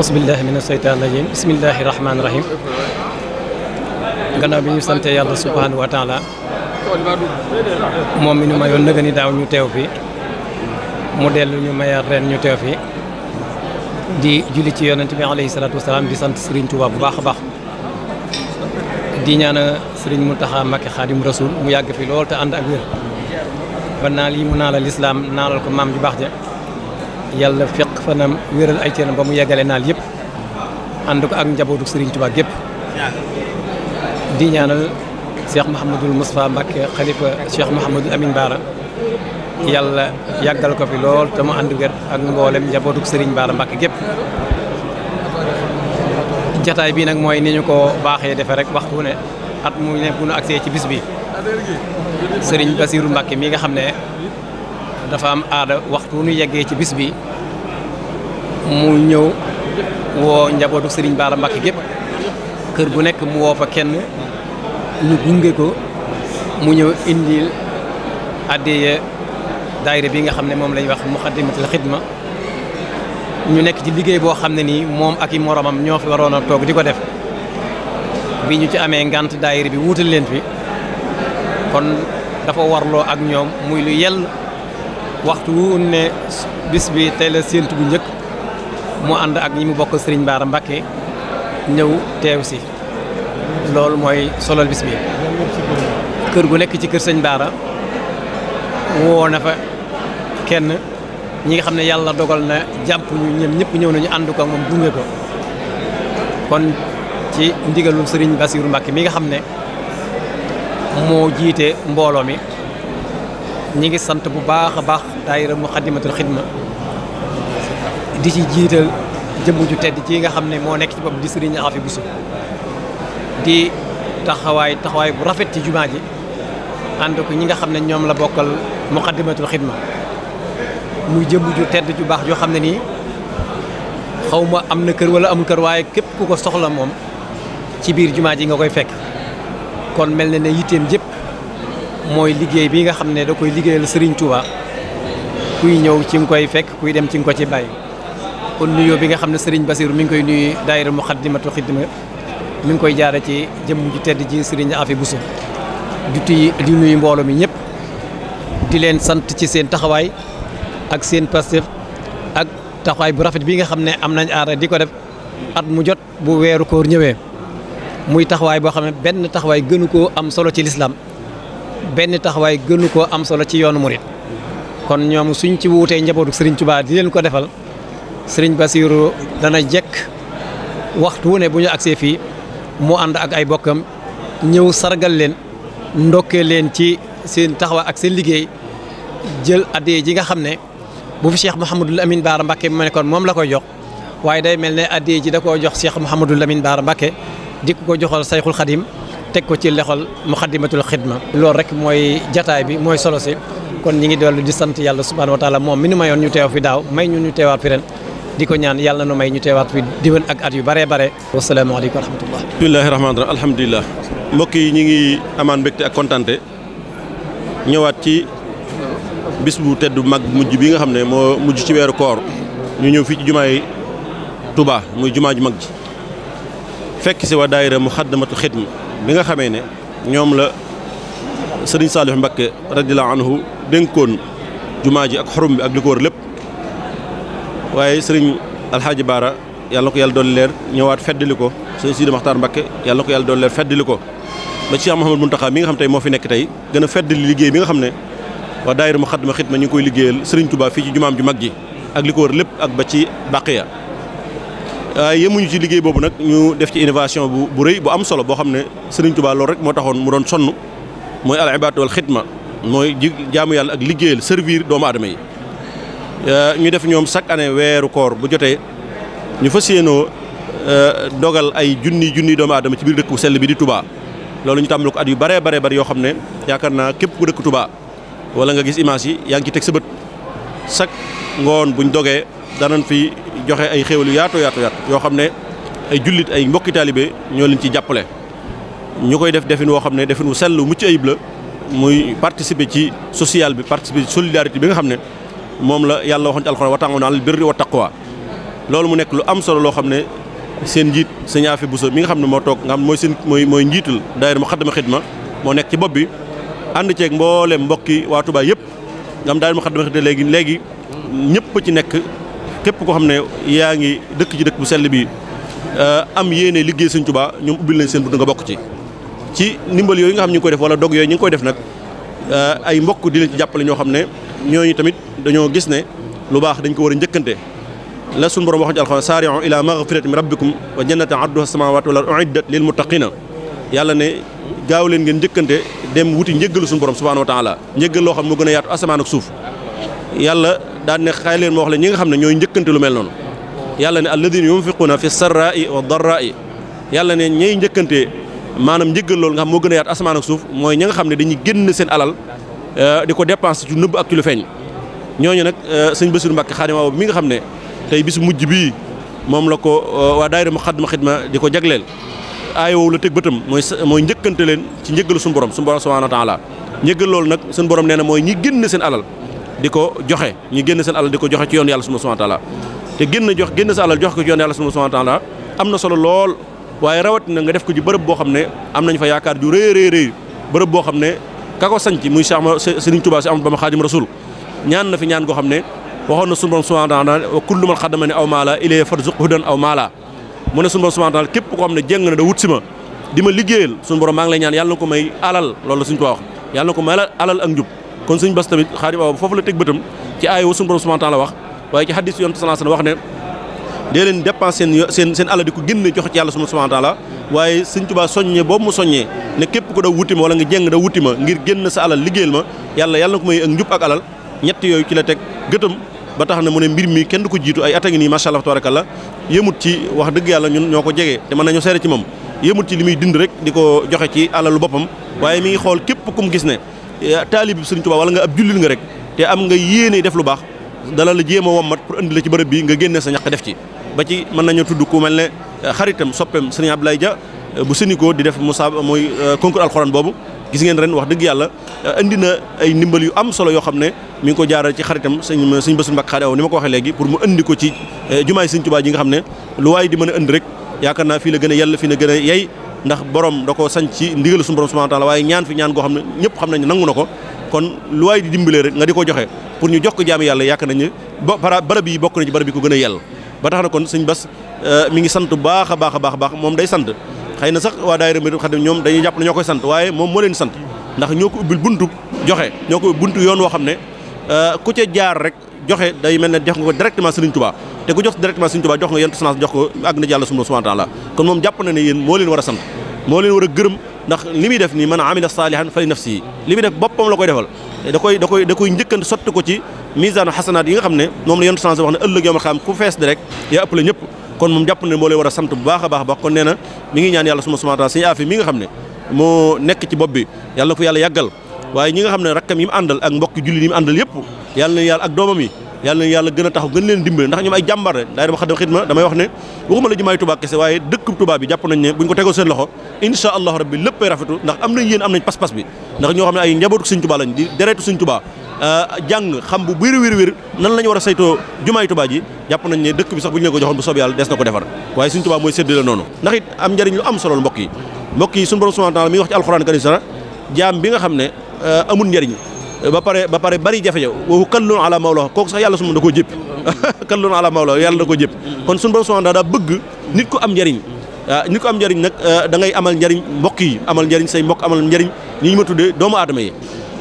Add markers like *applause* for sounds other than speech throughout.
أعوذ بالله من الشيطان الرجيم بسم الله الرحمن الرحيم غنا بي سانت يالله سبحانه وتعالى مؤمن ما يون نغني داو ني تيو في موديل ني ما يار رين ني تيو في دي جولي تي يونتبي عليه الصلاه والسلام دي سانت سيرين توبا بو باخ باخ دي نانا سيرين منتخا مكي خادم رسول مو ياغ في لول تا اند اك وير فنا لي منال الاسلام نالكو مام جي باخ دي يالله فيق fanam wéral ay cëram ba mu anduk naal jaboduk sering ko ak dinyanul Serigne Touba gep di ñaanal Cheikh Mouhamadul Moustapha Mbacké khalifa Cheikh Mouhamadul amin bara yalla yagal ko fi sering te mu gip. gër ak mbolem njabootu Serigne bara Mbacké gep jotaay bi nak moy niñu ko baxé defee rek waxtu ne at mu ne bu nu accé ci bis bi Serigne basirou Mbacké mi nga xamné dafa am aada waxtu nu ci bis bi mu ñëw woo njabootu Serigne Bara Mbacké gépp kër gu nekk mu woofa kenn ñu gunge ko mu ñëw indil addiya daayira bi nga xam ne moom lañ wax Muxaddamatul ma ñu nekk ci liggéey boo xam ne nii moom ak i moromam ñoo fi waroon a toog di ko def bi ñu ci amee ngant daayira bi wuutal leen fi kon dafa warloo ak ñoom muy lu yell waxtu wu ne bis bi tey la séentu bu njëkk mu ànd ak ñi mu bokk Serigne Bara Mbacké ñëw teew si loolu mooy solal bis bi kër gu nekk ci kër sëñ Bara woo na kenn ñi nga xam ne yàlla dogal na jàmp ñu ñoom ñëpp ñëw nañu ànd ko moom gunge ko kon ci ndigalul Serigne Bassirou Mbacké mi nga xam ne moo jiite mbooloo mi ñi ngi sant bu baax a baax daayira mu xaddimatul xidma di ci jital jëm ju tedd ci nga xamne mo nek ci bop di serigne Afi Bousso di taxaway taxaway bu rafet ci jumaaji and ko ñi nga xamne ñom la bokal muqaddimatul khidma muy jëm ju tedd ju bax jo xamne ni xawma amna am kër wala amul kër waye kep ku ko soxla mom ci biir jumaaji nga koy fekk kon melne ne yitem jep moy liggey bi nga xamne da koy liggeyal Serigne Touba kuy ñew ci nga fekk kuy dem ci nga ko ci baye kon nuyoo bi nga xam ne Serigne Bassirou mi ngi koy nuyu daayira Moukhaddamatoul Khidma mi ngi koy jaare ci jëmm ju tedd ji Serigne Afi Bousso di di nuyu mbooloo mi ñëpp di leen sant ci seen taxawaay ak seen Pastef ak taxawaay bu rafet bii nga xam ne am nañ aada di ko def at mu jot bu weeru koor ñëwee muy taxawaay boo xam ne benn taxawaay gënu ko am solo ci lislaam benn taxawaay gënu koo am solo ci yoonu murit kon ñoom suñ ci wuutee njabootu Serigne Touba di leen ko defal sëriñ Basiiru dana jekk waxtu wu ne bu ñu see fii mu ànd ak ay bokkam ñëw sargal leen ndokkee leen ci seen taxawaay ak seen liggéey jël addiya ji nga xam ne bu fi Cheikh Mouhamadul Amine Baara Mbacke mu nekkoon moom la koy jox waaye day mel ne addiya ji da koo jox Cheikh Mouhamadul Amine Baara Mbacke dikk ko joxal sayxul xadim teg ko ci lexol muxaddimatul xidma loolu rek mooy jataay bi mooy solo si kon ñi ngi dellu di sant yàlla subhaanahu wa taala moom mi nu mayoon ñu teew daaw may ñu ñu teewaat fi di ko ñaan yàlla na nu may ñu teewaat fi diwén ak at yu bare bare wasalaamaaleykum wa rahmatullah bismillahi rahmaani rahim alhamdulilah mbokk yi ñu ngi amaan mbégte ak kontante ñëwaat ci bis bu tedd mag mujj bi nga xam ne moo mujj ci weeru koor ñu ñëw fii ci jumaay Touba muy jumaa ju mag ji fekk si waa daayira mu xaddamatu xidma bi nga xamee ne ñoom la sëriñ Saalix Mbakke radiyallaahu anhu dénkoon jumaa ji ak xorom bi ak li lépp waaye sëriñ alxaaji baara yàlla ko yàlla doon leer ñëwaat feddali ko sëriñ Sidi Maxtaar Mbakke yàlla ko yàlla doon leer feddali ko ba Cheikh Mouhamadou Mountakha mi nga xam tey moo fi nekk tey gën fedd feddali liggéey bi nga xam ne waa daayira mu xadma xidma ñu koy liggéeyal sëriñ Touba fii ci jumaam ju mag ji ak li ko wër lépp ak ba ci ya waaye yemuñu ci liggéey boobu nag ñu def ci innovation bu bu rëy bu am solo boo xam ne sëriñ Touba loolu rek moo taxoon mu doon sonn mooy al ibaadu wal xidma mooy ji jaamu yàlla ak liggéeyal servir doomu yi Eh, ñu def ñom chaque année wéru koor bu joté ñu fas yéenoo eh, dogal ay junni junni doom adam ci bir dekk bu sell bi di Touba lolu ñu tàmbali ko at yu bare bare bare yo xam ne yaakaar naa ku dekk Touba wala nga gis image yi yaa ci tek sa beut chaque buñ da nañ fi joxé ay xéewal yu yato yato yaatu yoo ay julit ay mbokki talibé ñoo leen ci jappalé ñukoy def defin wo xam defin wu sell ayib la muy participer ci social bi participer ci solidarité bi nga moom la yàlla waxoon ci alxuraan wa ta'awanu alal birri wa loolu mu nekk lu am solo loo xam ne seen njiit sëñ bu Bousso mi nga xam ne moo toog nga xam mooy seen mooy mooy njiitul daayira Muxaddamatul ma moo nekk ci bopp bi ànd ceeg mboolem mbokki waa Touba yëpp nga xam daayira Muxaddamatul Xidma léegi léegi ñëpp ci nekk képp koo xam ne yaa ngi dëkk ci dëkk bu sell bi euh, am yéene liggéey sëñ Touba ñoom ubbil nañ seen bunt nga bokk ci ci ndimbal yooyu nga xam ñu ngi koy def wala dog yooyu ñu ngi koy def nag euh, ay mbokk di ci jàppale ñoo xam ne ñooñu tamit dañoo gis ne lu baax dañ ko war a njëkkante la suñu borom waxoon ci alxuraan saari'u ila maghfirati min rabbikum wa jannatin arduha a wal ardu uiddat lil muttaqina yàlla ne gaaw leen ngeen njëkkante dem wuti njëggalu suñu borom subhanahu wa taala njëggal loo xam moo a yaatu suuf yàlla daan ne xay leen ma la ñi nga xam ne ñooy njëkkante lu mel noonu yàlla ne alladina yunfiquna fi sarra'i wa darra'i yàlla ne ñay njëkkante maanaam njëggal loolu nga xam moo gën a yaatu asamaan suuf mooy ñi nga xam ne dañuy génn seen alal Euh, diko ko dépense ci neub ak kilo feñ ñoñu nak nag euh, Bassirou Mbacke Xaadim Awa mi nga xamne tay tey bisu mujj bi mom la ko euh, wa daayira Muxaddama khidma diko ko jagleel aayowoo la teg bëtam moy mooy njëkkante leen ci ñeegal suñu borom suñu borom subhanahu wa taala ñeegal loolu nak suñu borom neena moy ñi genn seen alal diko ko joxe ñi genn seen alal diko ko joxe ci yoonu yalla subhanahu wa taala te genn jox genn sa alal jox ko ci yoonu yalla subhanahu wa taala amna na solo lool rawat na nga def ko ci bërëb bo xam ne am nañ fa yaakar ju rëy rëy rëy bërëb bo xam ka ko sanc muy Cheikh ma Serigne Touba si Amadou Bamba Xaadim Rasul ñaan na fi ñaan goo xam ne waxoon na sunu borom subhanahu wa taala kullu man xadama ne aw maala ilay farzuq hudan aw maala mu ne sunu borom subhanahu wa taala képp koo xam ne jéng na da wut ma di ma liggéeyal sunu borom maa lay ñaan yàlla na ko may alal loolu la Serigne wax yàlla na ko may alal ak njub kon Serigne Bass tamit Xaadim Awa foofu la teg bëtam ci aay wa sunu borom subhanahu wa taala wax waaye ci hadis yoon sallallahu alayhi wa wax ne de leen dépenser sen sen ala diko di jox ci yalla subhanahu wa taala waye seigne touba soñné bo mu soñné ne képp ko do wuti wala nga jeng da wuti ma ngir genn sa ala ligéel ma yalla yalla ko may ak njub ak alal ñett yoy ci la tek gëtëm ba tax na mu ne mbir mi kenn du ko jitu ay at a ngi nii allah tabarakallah yëmut ci wax dëgg yalla ñun ñoko ko te nañu séré ci mom yëmut ci limuy dind rek di ko ci ala lu bopam waye mi ngi xol képp kum gis ne eh, talib seigne touba wala nga ab jullil nga rek te am nga yéene def lu baax dala la jéem a pour andi la ci bërepp bi nga sa ñak def ci ba ci mën nañu tudd ku mel ne euh, xaritam soppeem sëriñ Abdoulaye Dia euh, bu Sénico di def mu musaab mooy euh, concours alxuraan boobu gis ngeen ren wax dëgg yàlla indi na ay ndimbal yu am solo yoo xam ne mu ngi ko jaaral ci xaritam sëñ sëñ Bassirou Mbacké Khady Awa ni ma ko waxee pour mu indi ko ci jumaay ne lu waaye di mën indi rek yaakaar a yàlla fii la gën a yey ndax borom da ko sañ ci ndigal suñu borom subhaanahu wa taala waaye ñaan fi ñaan goo xam ne ñëpp xam nañ nangu na ko kon lu waaye di dimbalee rek nga di ko joxe pour ñu jox ko jaami yàlla yaakaar nañ ne ba barab yi bokk na ci barab yi ko gën a yell ba tax na kon suñ bas euh, mi ngi sant bu baax a baax a baax a baax moom day sant xëy na sax waa daayira Mbirul Xadim ñoom dañuy jàpp na ñoo koy sant waaye moom moo leen sant ndax ñoo ko ubbil buntu joxe ñoo ko buntu yoon woo xam ne euh, ku ca jaar rek joxe day mel ne jox nga ko directement Serigne Touba te ku jox directement Serigne Touba jox nga yenn sens jox ko àgg na ci yàlla subhanahu wa kon moom jàpp na ne yéen moo leen war a sant moo leen war a gërëm ndax li muy def nii man amila saalihan fali nafsi li muy def boppam la koy defal da koy da koy da sotti ko ci misaanu xasanaat yi nga xam ne moom la yontu sens wax ne ëllëg yomal xam ku fees di yaa ëpp la ñëpp kon moom jàpp ne moo war a sant bu baax a baax baax kon nee na mi ngi ñaan yàlla suma suma taala suñu affaire mi nga xam ne moo nekk ci bopp bi yàlla ko yàlla yàggal waaye ñi nga xam ne rakkam yi mu àndal ak mbokki jullit yi mu àndal yëpp yàlla na yàlla yàlla na yàlla gën a taxaw gën leen ndax ñoom ay jàmbar la daayira Muxaddam Xidma damay wax ne waxuma la jumaay Tuubaa kese waaye dëkk Tuubaa bi jàpp nañ ne buñ ko tegoo seen loxo insha allah rabbi léppay rafetu ndax am nañ yéen am nañ pas-pas bi ndax ñoo xam ne ay njabootu Sëñ Tuubaa euh, jàng xam bu wér wér wér nan la ñu war a saytoo jumaay tubaa ji jàpp nañ ne dëkk bi sax bu ñu leen ko joxoon bu soob yàlla des na ko defar waaye Sëñ Tuubaa mooy séddale noonu ndax yi mbokk yi suñu borom nga xam ne euh, amul njariñ ba pare ba pare bari jafe-jafe waxu kallun ala mawla kooku sax yàlla su ma da koo jëpp *laughs* kallun ala mawla yàlla da koo jëpp kon suñu borom subhanahu daa bëgg nit ku am njariñ ah, nit ku am njariñ nag ah, da ngay amal njariñ mbokk yi amal njariñ say mbokk amal njariñ ñi ñu ma tuddee doomu aadama yi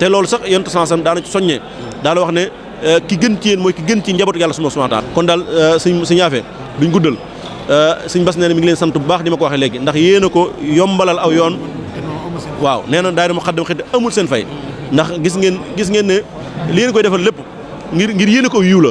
te loolu sax yonent sansam daana ci soññee daana wax ne ah, ki gën ci yéen mooy gën ci njabootu yàlla suma subhanahu taala kon daal suñ suñu affaire duñ guddal suñ bas nee mi ngi leen sant bu baax di ma ko waxee léegi ndax yéen a ko yombalal aw yoon waaw nee na daayira Muxaddamatul Xidma amul seen fay ndax gis ngeen gis ngeen ne li ngeen koy defal lépp ngir ngir yéene ko yiw la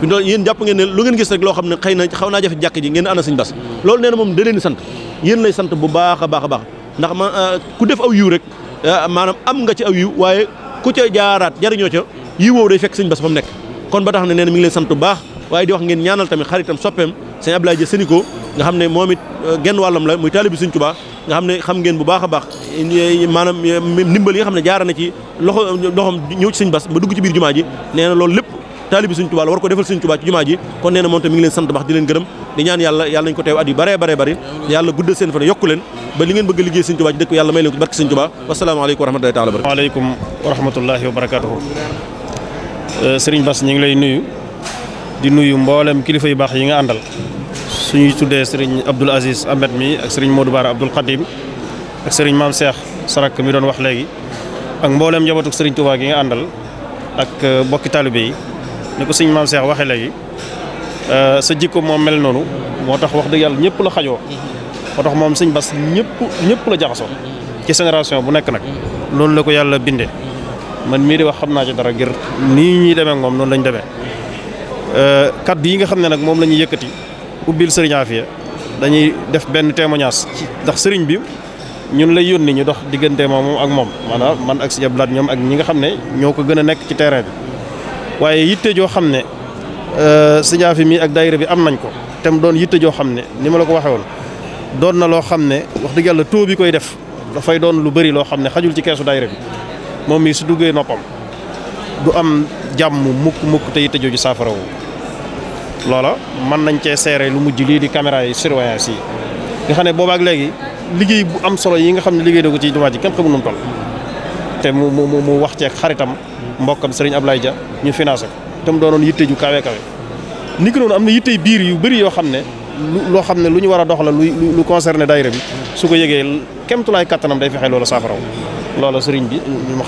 fi doon yéen jàpp ngeen ne lu ngeen gis rek loo xam ne xëy na xaw naa jafe jàkk ji ngeen ana sëñ bas loolu nee moom da leen sant yéen lay sant bu baax a baax a baax ndax ma euh, ku def aw yiw rek euh, maanaam am nga ci aw yiw waaye ku ca jaaraat jariñoo ca yiw woowu de fekk sëñ bas fa mu nekk kon ba tax ne nee na mi ngi leen sant bu baax waaye di wax ngeen ñaanal tamit xaritam soppeem sëñ Abdoulaye Dia Seniko nga xam ne moom it euh, genn wàllam la muy taalibi Sëriñ Tuubaa nga xam ne xam ngeen bu baax a baax eh, maanaam eh, ndimbal yi nga xam ne jaara na ci loxo loxoom ñëw ci Sëriñ Bass ba dugg ci biir jumaa ji nee na lépp taalibi Sëriñ Tuubaa la war ko defal Sëriñ Tuubaa ci jumaa ji kon nee na moom tam mi ngi leen sant baax di leen gërëm di ñaan yàlla yàlla nañ ko teew at bare bare bari yàlla guddal seen fan yokku leen ba li ngeen bëgg a liggéey Sëriñ Tuubaa ci dëkk yàlla may leen ko barke Sëriñ euh, ñu ngi lay nuyu di nuyu mboolem kilifa yu baax yi nga àndal suñuy tuddee sëriñ Abdoul Aziz Ahmed mi ak sëriñ Modou Bara Abdoul Khadim ak sëriñ Maam Cheikh Sarak mi doon wax léegi ak mbooleem njabootu sëriñ Touba gi nga àndal ak euh, bokki taalibe yi ni ko sëriñ Maam Cheikh waxee léegi euh, sa jikko moom mel noonu moo tax wax dëgg yàlla ñëpp la xajoo moo moom sëñ Bass ñëpp ñëpp la jaxasoo ci génération bu nekk nag loolu la ko yàlla bindee man mii di wax xam naa ci dara ngir nii ñuy demee moom noonu lañ demee euh, kaddu yi nga xam ne nag moom la ñuy ubbil sëriñ Afia dañuy def benn témoignage ndax sëriñ bi ñun lay yónni ñu dox diggante moom ak moom maanaam man ak Sëriñ Abdou Lahad ñoom ak ñi nga xam ne ñoo ko gën a nekk ci terrain bi waaye yitte joo xam ne euh, Sëriñ Afia mi ak daayira bi am nañ ko te mu doon yitte joo xam ne ni ma la ko waxee woon doon na loo xam ne wax dëgg yàlla taux koy def dafay doon lu bëri loo xam ne xajul ci keesu daayira bi moom mii su duggee noppam du am jàmm mukk mukk te yitte jooju saafara wu loola mën nañ cee seere lu mujj lii di caméra yi surveillance yi nga xam ne boobaak léegi liggéey bu am solo yi nga xam ne liggéey da ko ci jumaa ji kenn xamu nu mu toll te mu mu mu wax ceeg xaritam mbokkam sëriñ Ablaye Dia ñu financé ko te mu doonoon yitte ju kawe kawe am na yitte biir yu bëri yoo xam ne loo xam ne lu ñu war a dox la lu lu dayre bi su ko yëgee kemtulaay kattanam day fexe loola saafaraw loola sëriñ bi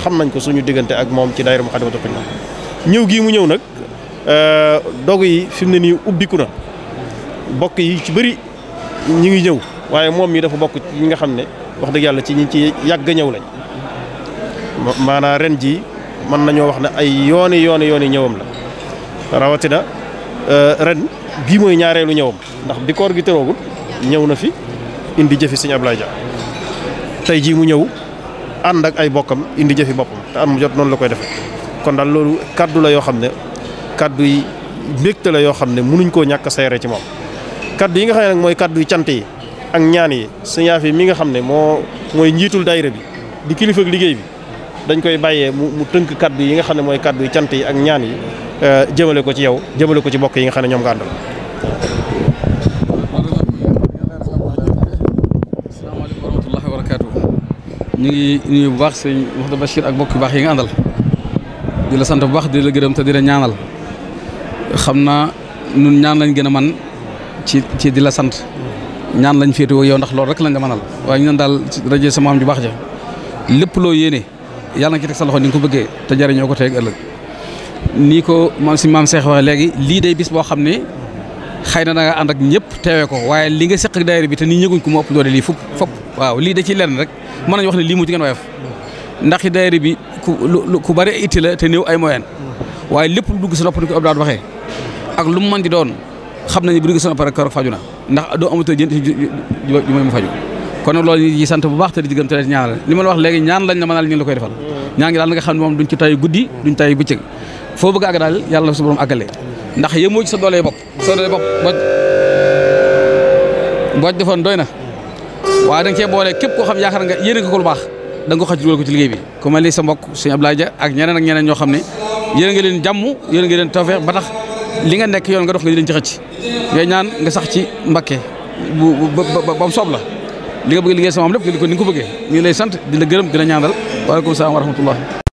xam nañ ko suñu diggante ak moom ci daayira mu Xaadimatul Xidma ñëw gii mu ñëw nag Euh, dogu yi fi mu ne nii ubbiku na bokk yi ci bëri ñi ngi ñëw waaye moom mii dafa bokk ñi nga xam ne wax dëgg yàlla ci ñii ci yàgg ñëw lañ maanaa ren ji mën nañoo wax ne ay yooni yooni yooni ñëwam la rawatina euh, ren bii mooy ñaareelu ñëwam ndax bi koor gi tëroogul ñëw na fi indi jëfi sëñ Ablaye Dia tey jii mu ñëw ànd ak ay bokkam indi jëfi boppam te at mu jot noonu la koy defe kon daal loolu kàddu la yoo xam ne kàddu yi mbégte la yoo xam ne munuñ koo ñàkk seere ci moom kaddu yi nga xam ne nag mooy kàddu yi cant yi ak ñaan yi sëñ Afi mi nga xam ne moo mooy njiitul daayira bi di kilifa liggéey bi dañ koy bàyyee mu tënk kaddu yi nga xam ne mooy kàddu yi cant yi ak ñaan yi euh, jëmale ko ci yow jëmale ko ci bokk yi nga xam ne ñoom nga àndal ñu ngi nuyu bu baax sëñ Mouhamadou Bachir ak mbokk yu baax yi nga àndal di la sant bu baax di la gërëm te di la ñaanal xamna ñun ñaan lañu gëna man ci ci di la sant ñaan lañu féetewoo yow ndax lool rek lañu manal way ñun dal ne sama am ju bax ja lepp lo yéene yalla nga ci tek sa loxo ni nga ko bëggee te jariñoo ko teeg ëllëg nii ko man si mam cheikh wax léegi li day bis bo xam ne nga and ak ñëpp téwé ko waaye li nga seq ak daayira bi te ni ñëguñ ko mo upp doole li fop fop waaw li da ci lenn rek man nañ wax ne li mu ci gën wayef ndax daayira bi ku ku bari itti la te néew ay moyenne waaye lépp dugg sa nopp ni ko ab daal waxee ak lu mu mën di doon xam nañu bu dugg sa nopp rek keroog faju na ndax doo amatoo jënd ju may mu faju kon nag loolu ñi sant bu baax te di gëm te ñaanal li ma la wax léegi ñaan lañ la mënal ñu ngi la koy defal ñaan ngi daal nga xam ne moom duñ ci tay guddi duñ tay bëccëg foo bëgg àgg daal yàlla su borom àggale ndax yemoo ci sa doolee bopp sa doolee bopp boo defoon doy na waaye da boole képp koo xam yaakaar nga yéene nga ko lu baax da nga ko xaj dugal ko ci liggéey bi ku mel ni sa mbokk suñu Ablaye Dia ak ñeneen ak ñeneen xam ne yéen nga leen jàmm yéen nga leen tawfeex ba tax li nga nekk yoon nga dox nga di leen ci ngay ñaan nga sax ci mbakke bu ba mu soob la li nga bëgg liggéey sama am lépp nga di ko ni nga ko bëggee ñu ngi lay sant di la gërëm di la ñaanal waaleykum salaam wa